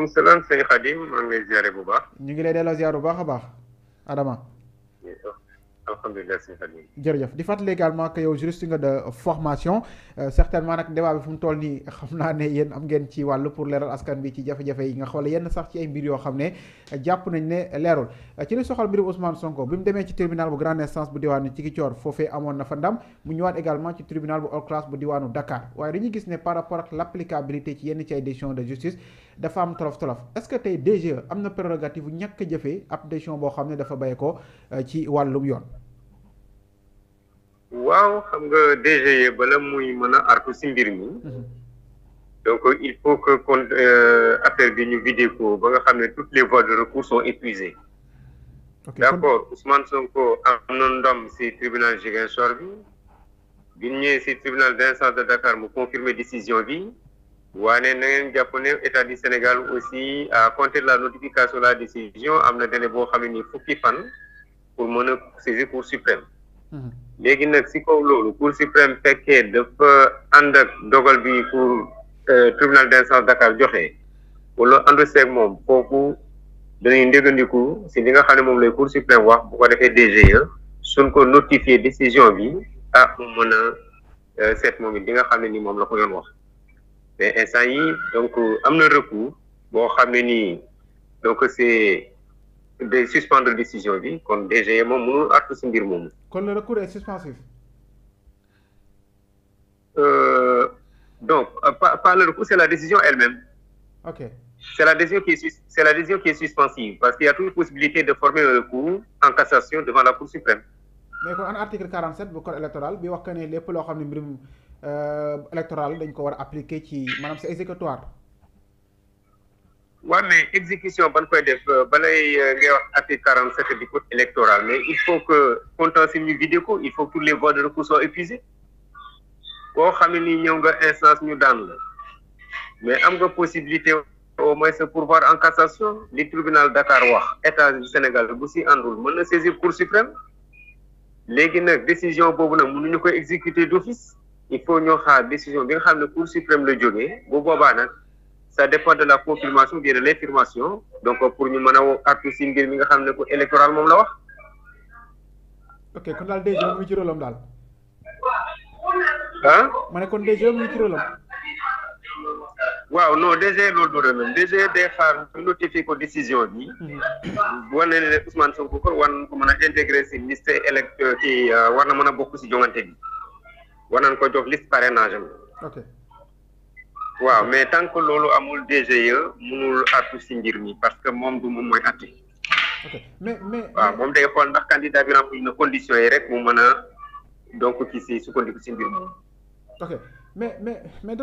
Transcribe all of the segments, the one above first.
maaleykum ngi lay ziare bu baax. ñu ngi lay delloo ziar bu baax a baax Adama. Euh, alhamdulilah sëñ Xadim. jërëjëf di fàttali également euh, euh, fu mu toll nii xam naa ne yéen am ngeen ci wàllu pour leeral askan bi ci jafe-jafe yi nga xool yenn sax ci ay mbir yoo xam ne jàpp nañ ne leerul ci li soxal mbirum Ousmane Sonko bi mu demee ci tribunal bu grande instance bu diwaanu Ziguinchor foofee amoon na fa ndam mu ñëwaat également ci tribunal bu hors classe bu diwaanu Dakar waaye dañuy gis ne par rapport ak l' applicabilité ci yenn ci ay de justice dafa am tolof tolof est-ce que tey DGE am na prérogative bu ñàkk jëfee ab décision boo xam ne dafa bay ko euh, ci wàllum yoon. waaw xam nga DGE bala muy mën a artu si mbir mi. Mhm. donc il faut que kon euh, affaire bi ñu vidé ko ba nga xam ne toutes les voies de recours sont épuisées. d' accord Ousmane Sonko am na ndam si tribunal Ziguinchor bi. bi ñu ñëwee si tribunal d' instance de Dakar mu confirmer décision bi. waane na ngeen jàpp ne état du Sénégal aussi à compter de la notification de la décision am na délai boo xam ne ni fukki fan pour mën a saisir cour suprême. Mhm. léegi nag si kaw loolu cour suprême fekkee dafa ànd ak dogal bi pour euh, tribunal d'instance Dakar joxe wala ànd seeg moom foofu dañuy ndégandiku si li nga xam ne moom lay cour suprême wax bu ko defee DGE suñ ko notifier décision bi ah mu mën set euh, seet moom it li nga xam ne ni moom la ko yoon wax. mais instant yi donc am na recours boo xam ne nii donc c' est de suspendre décision bi kon DG moom mënul àtt si mbir moomu. kon le recours est suspensif. Euh, donc euh, pas le recours c' la décision elle-même. ok c' la décision qui est suspensive parce qu'il y a toujours possibilité de former un recours en cassation devant la Cour suprême. mais kon an article 47 bu code électoral bi wax que ne lépp loo xam ne mbirum. Euh, électorale dañ ko war a ci maanaam c'est exécutoire. waaw mais exécution ban koy def euh, balay euh, ngay wax article quarante sept du code électoral mais il faut que contentieux ñu vidé ko il faut que toutes les voies de recours soient koo xam ne nii ñëw nga instance ñu daan la mais am nga possibilité au moins se pourvoir en cassation li tribunal Dakar wax état du Sénégal bu si àndul mën na saisir cour suprême léegi nag décision boobu nag mun mënuñu koy exécuter d'office il faut ñoo xaar décision bi nga xam ne cour suprême la jógee bu boobaa nag ça dépend de la confirmation ou bien de l'infirmation donc pour ñu mën a artu si ngir mi nga xam ne ko électoral moom la wax. ok kon daal DG mu ngi ci rôlam daal. ah. ma ne kon DG mu ngi ci rôlam. waaw non DG loolu du rôlam DG day xaar ñu ko décision bi. Mhm. wane ne Ousmane Sonko ko war na ko mën a intégré si liste élect ci euh, euh, war na mën a bokk si joŋante bi. war ko jox liste parrainage am. waaw mais tant que loolu amul DGE mënul àttu si mbir mi parce que moom du moom mooy àtte. ok mais moom day xool ndax candidat bi remplir na conditions yi rek mu mën a donc kii si sukkandiku si mbir moomu. ok mais mais mais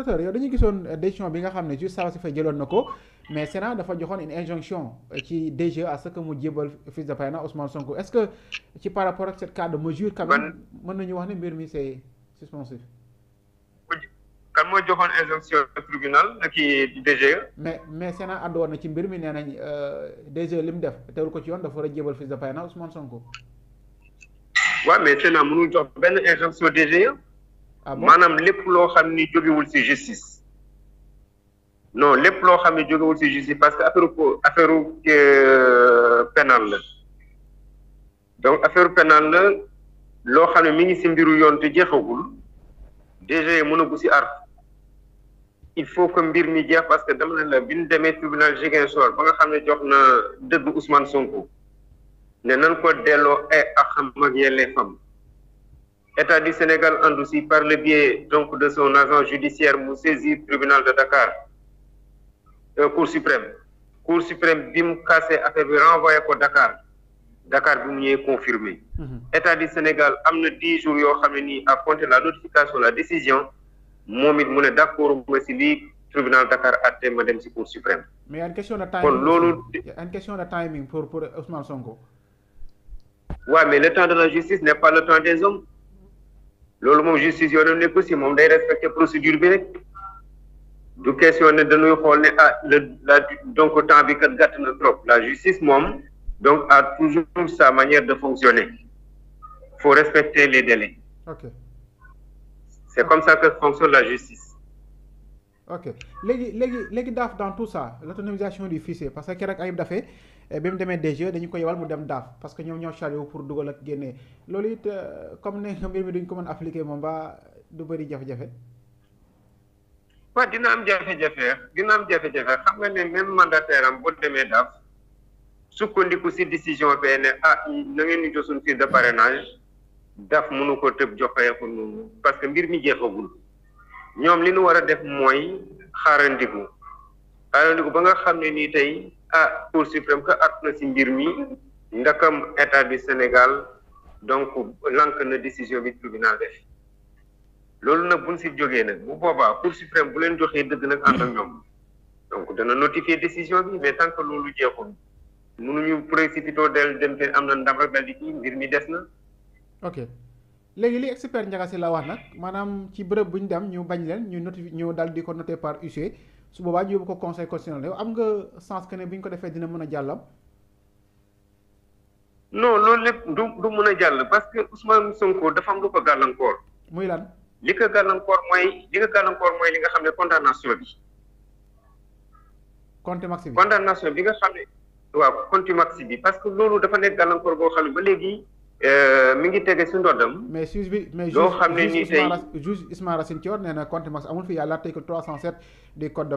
bi nga xam ne juste saa si fa jëloon na ko mais Sénat dafa joxoon une injonction ci DGE à ce que mu jébal fils de parrainage Ousmane Sonko est-ce que ci par rapport ak cette cas de mesure. quand même mën nañu wax ne mbir mi c'est suspensif. kan moo joxoon injonction tribunal kii DGE. mais mais Sénat ànd woon na ci mbir mi nee nañ euh, DGE li mu def teewul ko ci yoon dafa war a jébal fils de Payna Ousmane Sonko. waaw mais Sénat mënul jox benn injonction DGE. ah maanaam lépp loo xam ni jógewul ci justice. non lépp loo xam ni jógewul ci justice parce que affaire affaire euh, pénal la donc affaire pénal loo xam ne mi ngi si mbiru yoon te jeexagul DG mënagu si art il faut que mbir mi jeex parce que dama ne la bi ñu demee tribunal Ziguinchor ba nga xam ne jox na dëgg ousman Sonko ne nan ko delloo ay axam ak yelleefam état du Sénégal ànd si par le biais donc de son agent judiciaire mu saisir tribunal de Dakar euh, cour suprême cour suprême bi mu cassé affaire bi renvoyé ko Dakar. Dakar bi mu ñëwee confirmé. Mhm. état du Sénégal am na dix jours yoo xam ne nii à compter la notification la décision moom it mu ne d' accord ma si lii tribunal Dakar àtte ma dem si cour suprême. mais y a question de timing loolu. y a une question pour pour Ousmane Sonko. waaw ouais, mais le temps de la justice n' est pas le temps des hommes loolu moom justice yoonam nekkul si moom day respecter procédure bi rek du question ne dañuy xool ne ah le la donc temps bi kat gàtt na trop la justice moom. donc a toujours sa manière de fonctionner il faut respecter les délais ok c'est okay. comme ça que fonctionne la justice ok léegi léegi léegi daaf dans tout ça l'autonomisation du fichier parce que keroog Ayib Daffé eh, bi mu demee DG e, dañu ko yebal mu dem daaf parce que ñoom ñoo chargé wu pour dugal ak génnee loolu it euh, comme ne mbir mi duñ ko mën appliquer moom ba du bëri jafe-jafe waaw dina am jafe-jafe dina am jafe-jafe xam nga ne même mandataire am bu demee daaf sukkandiku si décision bee ne ah na ngeen ñu jox suñu fiche de parrainage daf mënu ko tëb joxee ko parce que mbir mi jeexagul ñoom li nu war a def mooy xaarandiku xaarandiku ba nga xam ne nii tey ah cour suprême que at na si mbir mi ndakam état bi Sénégal donc lank na décision bi tribunal def loolu nag buñ si jógee nag bu boobaa cour suprême bu leen joxee dëgg nag ànd ñoom donc dana notifier décision bi mais tant loolu jeexul mënuñu précipité del dem te am na ndam rek dal di kii mbir mi des na. ok léegi li expert Ndiaga Sylla wax nag maanaam ci bërëb bu ñu dem ñu bañ leen ñu notifié ñu dal di ko noté par huissier su boobaa ñu yóbbu ko conseil constitutionnel yow am nga sens que ne bu ñu ko defee dina mën a jàllam. non loolu lépp du du mën a jàll parce que Ousmane Sonko dafa am lu ko gàllankoor. muy lan li ko gàllankoor mooy li ko gàllankoor mooy li nga xam ne condamnation bi. compte maximum condamnation nga xam ne. waaw contumace bi parce que loolu dafa nekk gàllankoor boo xam ne ba léegi euh, mi ngi tege si ndoddam. mais juge bi mais juge Ismaïla juge Ismaïla Racine Thior nee na contumace amul fi y a l'article 307 du code de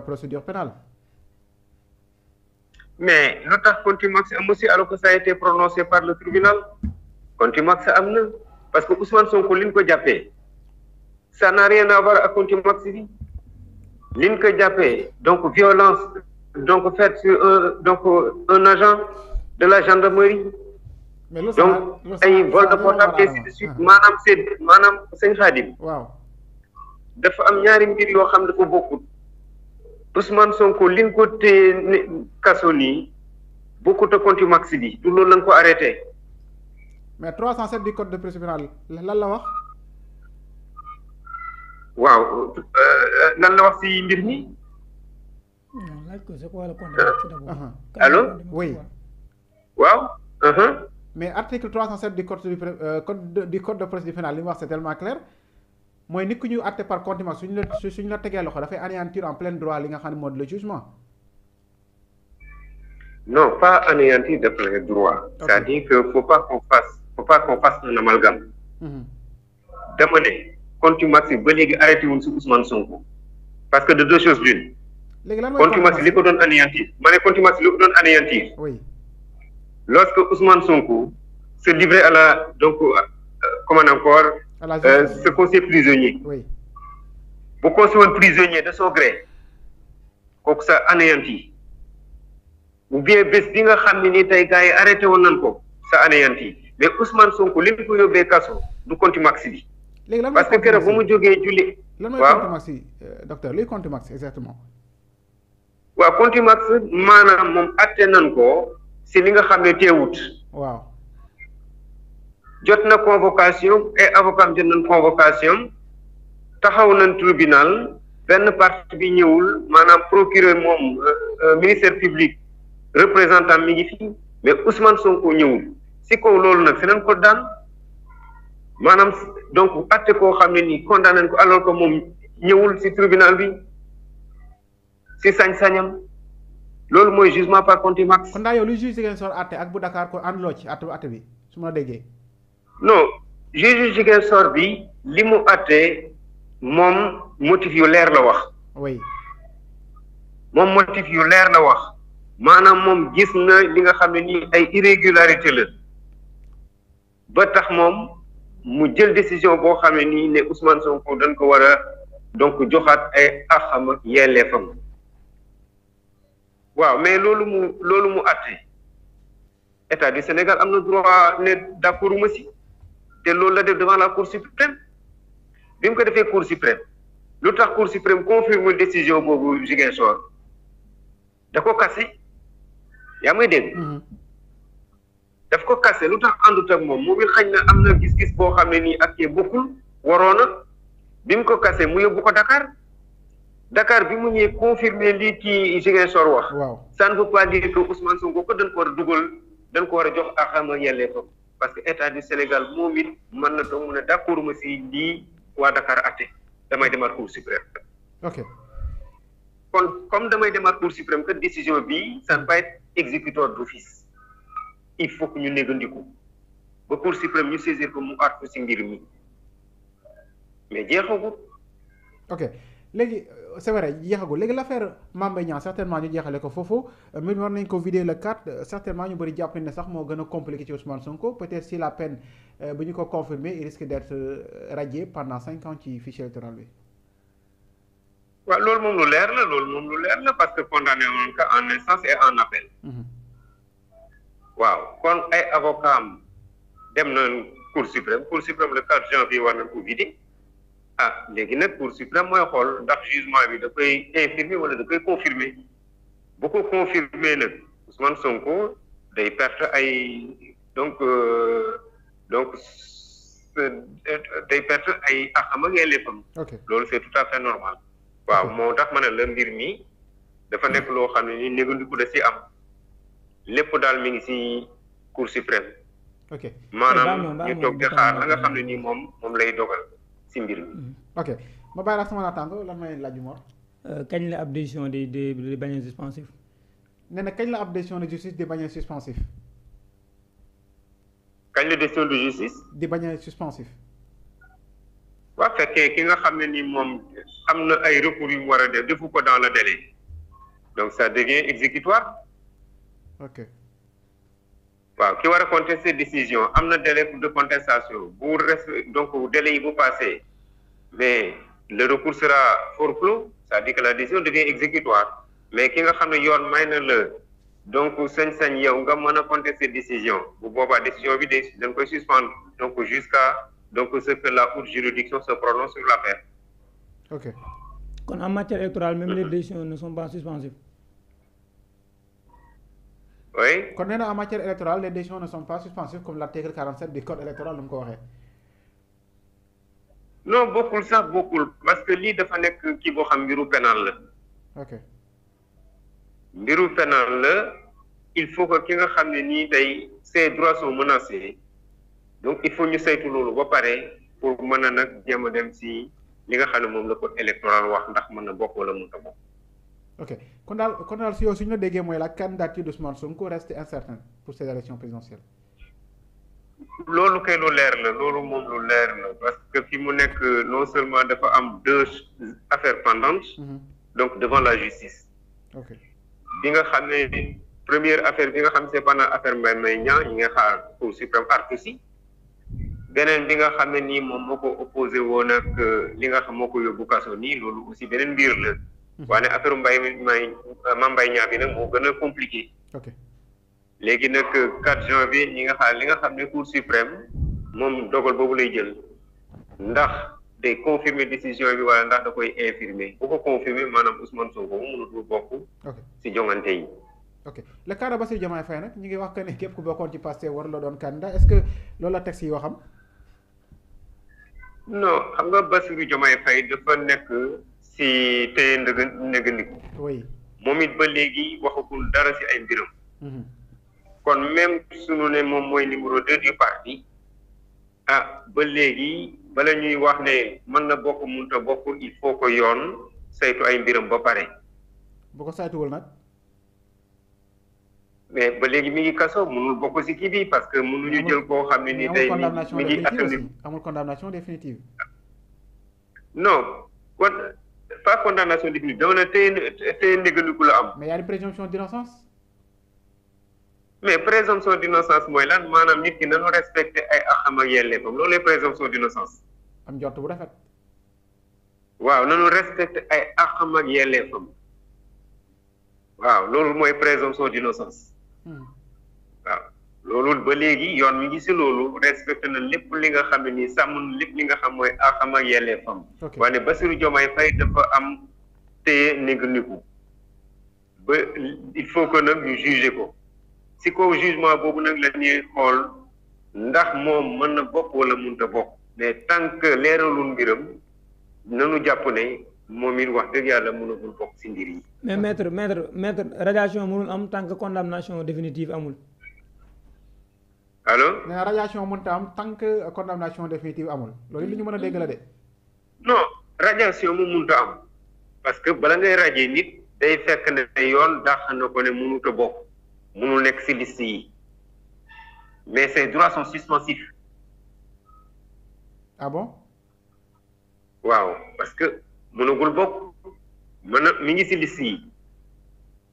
tax contumace am aussi alors que ça a été par le tribunal contumace am na parce que Ousmane Sonko liñ ko jàppee ça n'a rien à voir ak contumace bi liñ ko jàppee donc violence. donc fait sur un donc un agent de la gendarmerie. mais lu donc ay vol de portable ainsi de suite maanaam seen maanaam sëñ Khadim. waaw dafa am ñaari mbir yoo xam ne dafa bokkut Ousmane Sonko li nga ko téye ne kaso nii bokkut a contumax bi du loolu lañ ko arrêté. mais 307 du code de procédure pénale lan la wax. waaw euh, euh, lan la wax si mbir mi. Hmm, uh-huh. uh-huh. allo oui. waaw. Uh-huh. mais article 307 du code du euh, code du code de procédure pénale li mu wax c'est tellement clair mooy nit ku ñu àtte par contumace suñu la suñu la tegee loxo dafay anéantir en plein droit li nga xam ne moo di le jugement. non pas anéantir de plein droit. c'est-à-dire que faut pas qu'on fasse faut pas qu'on fasse un amalgame. Mm-hmm. dama ne contumace yi ba léegi arrêté wuñ si Ousmane Sonko. parce que de deux choses l'une léegi lan mooy contumace li ko doon anéantir ma ne contumace li ko doon anéantir. oui lorsque Ousmane Sonko se livrait à la donc euh, comment encore. à la euh, se conçait prisonnier. oui bu conçu woon prisonnier de son gré kooku sa anéanti ou bien bés bi nga xam ne ni tey gars yi arrêté woon nañ ko sa anéanti mais Ousmane Sonko li mu ko yóbbee kaso du contumace bi. léegi lan parce que keroog bu mu jógee julli. lan mooy contumace euh, docteur luy contumace exactement. waaw contumace maanaam moom atte nan ko si li nga xam ne teewut. waaw jot na convocation et avocat jot nañ convocation taxaw nañ tribunal benn partie bi ñëwul maanaam procureur moom euh, euh, ministère public représentant mi ngi fi mais Ousmane ko ñëwul si kaw loolu nag si nañ ko daan maanaam donc atte koo xam ne nii condamné ko alors que moom ñëwul si tribunal bi. si sañ-sañam loolu mooy jugement par contumace. kon daa yow lu juge Ziguinchor àtte ak bu Dakar ko ànduloo ci àtte bi su ma la déggee. non juge Ziguinchor bi li mu àtte moom motif yu leer la wax. oui moom motif yu leer la wax maanaam moom gis na li nga xam ne nii ay irrégularité la ba tax moom mu jël décision boo xam ne nii ne Ousmane Sonko dañ ko war a donc joxaat ay axam ak yelleefam waaw mais loolu mu loolu mu àtte état du Sénégal am na droit ne d'accord ma si te loolu la def devant la cour suprême bi mu ko defee cour suprême lu tax cour suprême confirme décision boobu Ziguinchor da ko kase yaa may dégg. Mm-hmm. daf ko kase lu tax àndut ak moom moom it xañ na am na gis-gis boo xam ne nii ak kee bokkul waroona bi mu ko kase mu yóbbu ko Dakar. Dakar bi mu ñëwee confirmer lii kii Ziguinchor wax. waaw ça ne veut pas dire que Ousmane Sonko ko dañ ko war a dugal dañ ko war a jox ak xam yelleefam parce que état du Sénégal moom it mën na toog mu ne d' accord ma si lii waa Dakar atte damay demaat cour suprême. ok kon comme damay demaat cour suprême que décision bi ça ne va être exécutoire d' office il faut que ñu négandiku ba cour suprême ñu saisir ko mu aar ko si mbir mi mais jeexagut. ok. léegi euh, c'est vrai jeexagul léegi l'affaire Mame Mbaye Niang certainement ñu jeexale ko foofu euh, mi war nañ ko vider le 4 euh, certainement ñu bëri jàpp ne sax moo gën a compliqué ci Ousmane Sonko peut-être si la peine bu ñu ko confirmer il risque d'être radié pendant cinq ans ci fichier électoral bi waaw loolu moom lu leer na loolu moom lu leer na parce que condamné woon mhm. waaw kon ay avocat am dem na Cour suprême Cour suprême le 4 janvier war nañ ko vider ah léegi nag cour suprême mooy xool ndax jugement bi da koy infirmer wala da koy confirmer bu ko confirmer nag Ousmane Sonko day perte ay donc euh, donc day perte ay axam ak yelleefam loolu c'est tout à fait normal waaw moo tax ma ne la mbir mi dafa nekk loo xam ne ni négandiku da si am lépp daal mi ngi si cour suprême maanaam eh, ñu toog di xaar la nga xam ne nii moom moom lay dogal si mbir mi. Mm-hmm. ok ma bàyyi la sama naataango lan may laaj Mor. Euh, kañ la ab di di di bañ a suspensif. nee na kañ la ab décision de justice di bañ suspensif. kañ la décision de justice. di bañ a suspensif. waa fekkee ki nga xam ne ni moom am na ay recours yu mu war a def defu ko dans le délai donc ça devient exécutoire. ok. waaw ki war a contester décision am na délai de contestation bu respect donc délai yi bu passé mais le recours sera forclos cest sa dire que la décision devient exécutoire mais ki nga xam ne yoon may na la donc sañ-sañ yow nga mën a contester décision bu boobaa décision bi de dañ koy suspendre donc jusqu'à donc ce que la haute juridiction se prononce sur l'affaire. ok kon en matière électorale même les mm-hmm. décisions ne sont pas suspensives. oui kon nee na matière électorale les décisions ne sont pas suspensives comme l'article 47 du code électoral nu mu ko waxee. non bokkul sax bokkul parce que lii dafa nekk kii boo xam mbiru pénal la. ok mbiru pénal la il faut que ki nga xam ne nii tey ses droits a menacés donc il faut ñu saytu loolu ba pare pour mën a nag jéem a dem si li nga xam ne moom la code électoral wax ndax mën na bokk wala mënta bokk. ok kon daal kon daal si yow la déggee mooy la candidature d'Ousmane Sonko reste incertaine pour ces élections présidentielles. loolu kay lu leer la loolu moom lu leer la parce que fi mu nekk non seulement dafa am deux affaires pendantes. Mhm. donc devant la justice. ok bi nga xam ne première affaire bi nga xam se c'est pendant affaire Mbaye Mbaye Niang ñi nga xaar Cour suprême àtte si. beneen bi nga xam ne nii moom moo ko opposé woon ak euh, li nga xam moo ko yóbbu kaso nii loolu aussi beneen mbir Mm-hmm. waaye nag affaire mbay ma euh, Mame Mbaye Niang bi nag moo gën a compliqué. léegi nag 4 juin bi ñi nga xam li nga xam ne cour suprême moom dogal boobu lay jël ndax day confirmer décision bi wala ndax da koy infirmer bu ko confirmer maanaam Ousmane Sonko mu mënatul bokk. si joŋante yi. ok le cas de Bassirou Diomaye Faye nag ñu ngi wax que ne képp ku bokkoon ci Pastef war la doon candidat est-ce que loolu la texte yi waxam. non xam nga Bassirou Diomaye Faye dafa nekk. si téye ndëgë ndëgëndiku moom it ba léegi waxagul dara si ay mbiram mhm. kon même suñu ne moom mooy numéro deux du parti ah ba léegi bala ñuy wax ne mën na bokk munta bokk il faut ko yoon saytu ay mbiram ba pare boo ko saytuwul nag mais ba léegi mi ngi kaso mënul bokk si kii bi parce que mënuñu jël koo xam ne ni day mi ngi attendi amul condamnation définitive non kon pas condamnation définitive dama ne tey tey ndéggandiku la am. mais y a une présomption d'innocence. mais présomption d'innocence mooy lan maanaam nit ki nanu respecté ay axam ak yelleefam loolu lay présomption d'innocence. am njort bu rafet. waaw nanu respecté ay axam ak yelleefam waaw loolu mooy présomption d'innocence hmm. waaw. loolu ba léegi yoon mi ngi si loolu respecté na lépp li nga xam ne nii sàmm lépp li nga xam mooy a axam ak yelleefam waaye Bassirou Diomaye Faye dafa am te négandiku ba il faut que nag ñu jugé ko si kaw jugement boobu nag la ñuy xool ndax moom mën na bokk wala mënut a bokk mais tant que leeralul mbiram nanu jàpp ne moom it wax dëgg yàlla mun mënagul bokk si ndir yi mais maître maître maître radiation am tant que condamnation définitive amul allo nee na radiation mënta am tant que condamnation définitive amul loolu li ñu mën a dégg la de. non radiation mu mënta am parce que bala ngay radier nit day fekk ne yoon dàq na ko ne mënut a bokk mënul nekk ci liste yi mais ses droits sont suspensifs. ah bon. waaw parce que mënagul bokk mën na mi ngi ci liste yi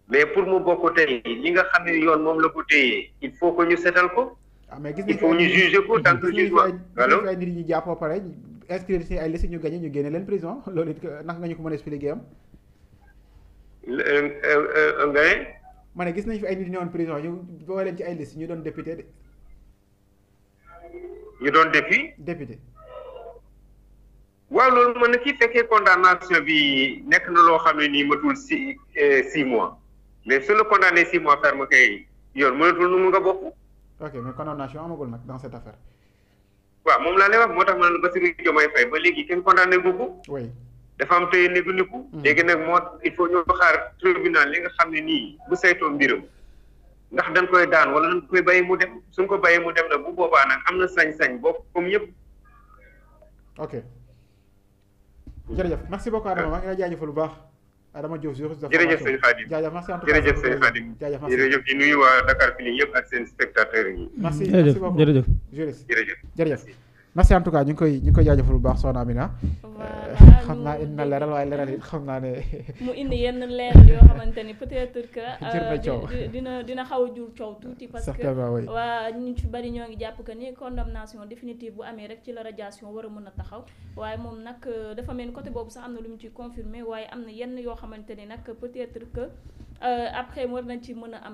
mais pour mu bokk tey li nga xam ne yoon moom la ko téye il faut que ñu seetal ko. ah mais gis nañu il faut ñu juger ko tant que juge waa allo ay nit ñi jàpp pare inscrire si ay liste ñu gagné ñu génne leen prison loolu it naka nga ñu ko mën a expliquer euh, euh, euh, nga ne. ma ne gis nañu fi ay nit ñu newoon prison ñu boole leen ci ay liste ñu doon député de. ñu doon député. député. waaw loolu mën na ci fekkee condamnation bi nekk na loo xam ne nii matul si six mois mais su la condamné six mois ferme kay yoon mënatul nu nga bokk. ok mais condamnation amagul nag dans cette affaire. waaw moom laa lay wax moo tax ma ne Bassirou Diomaye Faye ba léegi kenn condamné gu ko. oui dafa am tey néegu niku. Hmm. léegi nag moo il faut ñu xaar tribunal li nga xam ne nii bu saytoo mbiram ndax dañ koy daan wala dañ koy bàyyi mu dem suñ ko bàyyi mu dem nag bu boobaa nag am na sañ-sañ bopp comme ñëpp. ok jërëjëf merci beaucoup Adama maa ngi lay jaajëfal baax. Adama Diouf juriste de formation jërëjëf sëñ Khadim jaajëf merci en tout cas Dakar Feeling yëpp ak seen yi. merci merci beaucoup jërëjëf juriste merci en tout cas ñu ngi koy ñu ngi koy jaajëfal bu baax soxna Amina. voilà euh, xam naa indi na leeral waaye leeral it xam naa ne. mu indi yenn leeral yoo xamante ni peut-être que. Euh, dina dina xaw a jur coow tuuti. parce que waa ñu ci bari ñoo ngi jàpp que ni condamnation définitive bu amee rek ci la radiation war a mën a taxaw waaye moom nag euh, dafa mel ni boobu sax am na lu mu ci confirmé waaye am na yenn yoo xamante ni nag que après war na ci mën a